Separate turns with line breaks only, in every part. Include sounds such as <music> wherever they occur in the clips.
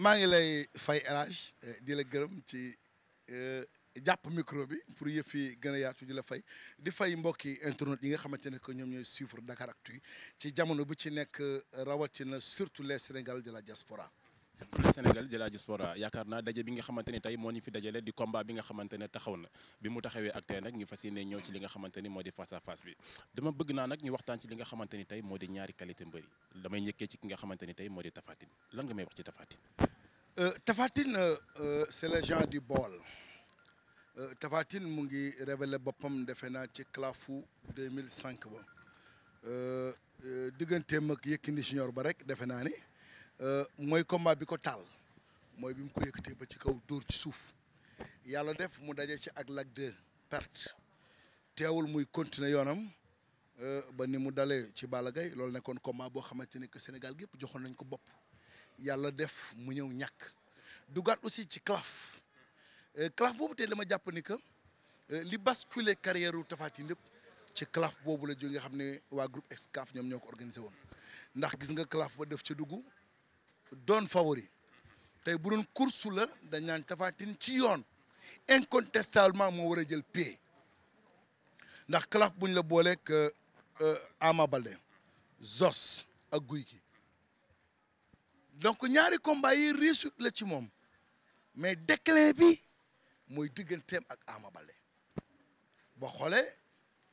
maa ngi lay fay érage eh, di la gërëm ci eh, jàpp micro bi pour yëf yi gën a yaatu di la fay di fay mbokki internet yi nga xamante ne que ñoom ñooy suivre Dakaractu ci jamono bu ci nekk eh, rawatina surtout
les sénégal de la diaspora le Sénégal de la diaspora yaakaar naa daje bi nga xamante ni tey moo ñu fi dajale di combat bi nga xamante ne taxaw na bi mu taxawee ak tey nag ñu fas yéene ñëw ci li nga xamante ni moo di face à face bi dama bëgg naa nag ñu waxtaan ci li nga xamante ni tey moo di ñaari qualité mbëri damay njëkkee ci ki nga xamante ni tey moo di Tapha Tine may wax ci
Tapha Tine euh, euh, c'est le genre di bool euh, Tapha mu ngi révélé boppam defe naa ci clafu 2005 ba digganteem ak Yékini Junior ba rek defe naa ni Euh, mooy comment bi ko taal mooy bi mu ko yëkkatee ba ci kaw dóor ci suuf yàlla def mu daje ci ak Lac 2 perte teewul muy continuer yoonam euh, ba ni mu dalee ci Balla loolu nekkoon combat boo xamante ni que Sénégal gépp joxoon nañ ko bopp yàlla def mu ñëw ñàkk dugaat aussi ci CLAF euh, CLAF boobu tey dama jàpp ni que li basculé carrière ru Tapha Tine lépp ci CLAF boobu la jóge nga xam ne waa groupe Excaf ñoom ñoo ko organisé woon ndax gis nga CLAF ba def ca dugg doon favori tey bu doon course la dañ naan Tapha ci yoon incontestablement moo war a jël pied ndax calaf buñ la booleeg euh, euh, Ama Baldé Zos ak Guy gi donc ñaari combat yi réussite la ci moom mais dekle bi mooy digganteem ak Ama Baldé ba xoolee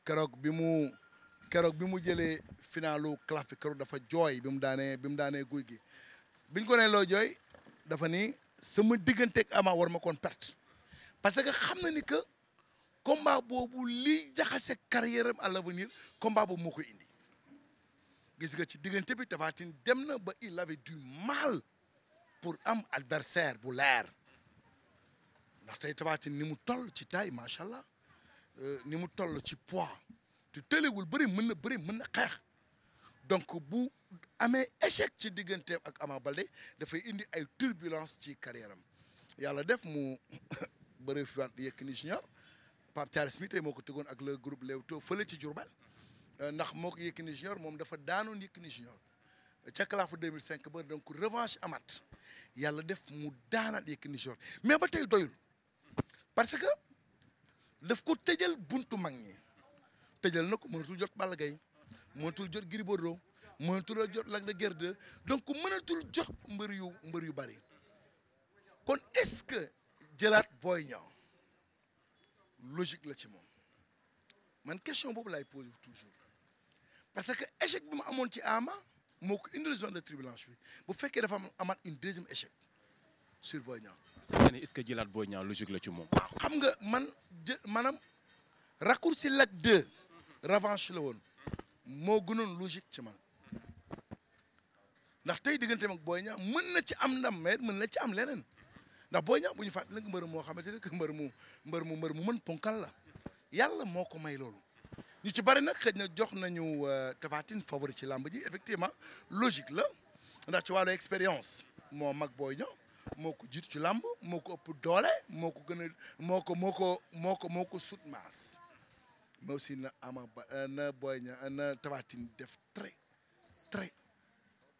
keroog bi mu keroog bi mu jëlee finalu calaf bi keroog dafa jooy bi mu daanee bi mu daanee Guy gi biñ ko nee loo jooy dafa ni sama diggante ak Ama war ma koon perte parce que xam na ni que combat boobu liy jaxase carrière am à l'avenir combat boobu indi gis nga ci diggante bi Tapha dem na ba il avait du mal pour am adversaire bu leer ndax tey Tapha ni mu toll ci taille macha allah euh, ni mu toll ci poids te tëlewul bëri mën na bëri mën na xeex donc bu amee échec ci diggante ak Ama Baldé dafay indi ay turbulence ci carrière am yàlla def mu <laughs> bëri fi waat Yékini Junior Pape Thialis mi tey moo ko tegoon ak le groupe Leewtoo fële ci Diourbel euh, ndax moo ko Yékini Junior moom dafa daanoon Yékini Junior ca kalaafu 2005 ba donc revanche amat yàlla def mu daanaat Yékini Junior mais ba tey doyul parce que daf ko tëjal buntu mag ñi tëjal na ko mënatul jot Balla Gaye mënatul jot Gris Bordeaux mënatul a jot Lac de Guiers 2 donc mënatul jot mbër yu mbër yu bëri kon est-ce que jëlaat Boy Niang logique la ci moom man question boobu laay posé toujours parce que échec bi mu amoon ci Ama moo ko indil zone de turbulence bi bu fekkee dafa am amaat une deuxième échec sur Boy
Niang. est-ce que jëlaat Boy Niang logique la ci moom. waaw
xam nga man jë maanaam raccourci Lac 2 revanche la woon moo gënoon logique ci man. ndax tey diggante mag booy Niang mën na ci am ndam mais mën na ci am leneen ndax Boy Niang bu ñu fàttali nag mbër moo xamante ne que mbër mu mbër mu mbër mu mën ponkal la yàlla moo ko may loolu ñu ci bari nag xëj na jox nañu euh, Tapha Tine favori ci làmb ji effectivement logique la ndax ci wàllu expérience moo mag booy Niang moo ko jiit ci làmb moo ko ëpp doole moo ko gën a moo ko moo ko moo ko moo ko sut maas mais aussi na ama ba na Boy Niang def très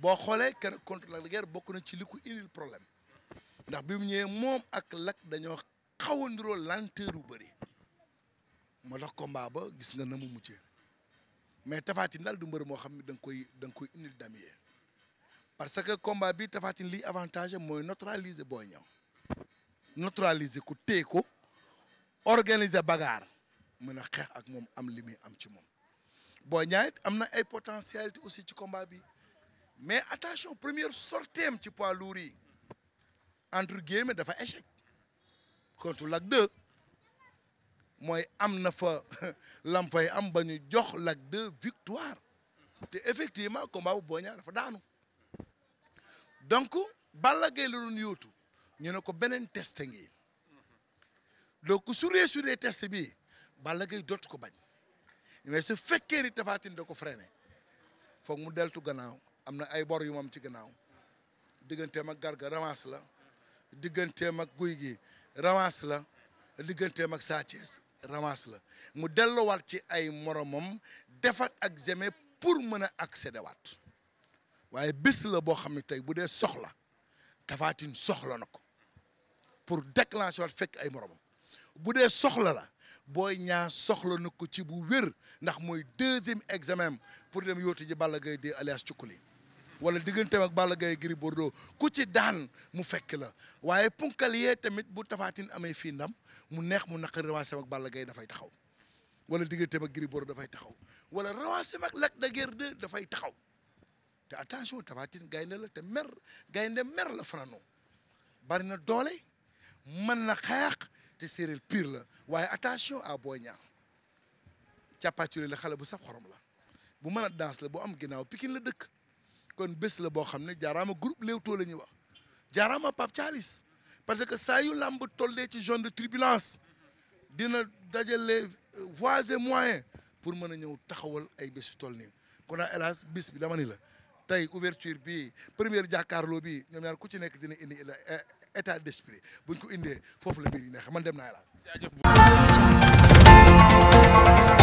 boo xoolee keroog contre la de bokk na ci li ko indil problème ndax bi mu ñëwee moom ak Lac dañoo xaw a niroo lenteur bu bëri moo tax combat ba gis nga na mu muccee mais Tapha Tine daal du mbër moo xam ne da nga koy da nga koy indil damier parce que combat bi Tapha Tine liy avantage mooy neutraliser Boy Niang neutraliser ko téye ko organiser bagarre mën a xeex ak moom am li muy am ci moom boo Niang am na ay potentialité aussi ci combat bi mais attention première sorteem ci poids à yi entre guillemets dafa échec contre Lac 2 mooy amna fa <laughs> lam fay am bañu jox Lac 2 victoire Et effectivement combat bu Boy dafa daanu donc Balla gay la doon yotu ñu ne ko benen test ngi donc sur les test bi Balla gay dootu ko bañ mais ce fekkee tafatine Tapha Tine da ko freiné foog mu deltu gannaaw am na ay bor yu moom ci gannaaw digganteem ak garga revanche la digganteem ak guy gi revanche la digganteem ak Sa Thiès la mu delluwaat ci ay moromam defat ak Zeme pour mën a accéder waat waaye bés la boo xam ne tey bu dee soxla Tapha soxla na ko pour déclencher waat fekk ay moromam bu dee soxla la Boy Niang soxla ci bu wér ndax mooy deuxième examen pour dem yóotu ji Balla Gaye alias Cukkuli wala digganteem ak Balla Gaye Bordeaux ku ci daan mu fekk la waaye punkal tamit bu Tapha Tine amee ndam mu neex mu naqari revanche ak Balla Gaye dafay taxaw wala digganteem ak Gris Bordeaux dafay taxaw wala revanche ak Lac de Guiers 2 dafay taxaw te attention Tapha Tine la te mer gaynde mer la fananoo bari na doole na xeex te séeréer piir la waaye attention à Boy Niang càppaaculi la xale bu saf xorom la bu mën a danse la bu am ginnaaw Pikine la dëkk kon bés la boo xam ne jaaraama groupe Leewtoo la ñuy wax jaaraama Pape Thialis parce que saa yu làmb tollee ci zone de turbulence dina dajale voies et moyens pour mën a ñëw taxawal ay bés yu ni nii kon daal hélas bis bi dama la tey ouverture bi première jàkkaarloo bi ñoom ñaar ku ci nekk dina indi eh, état d'esprit buñ ko indee foofu la mbir yi neex man dem naa la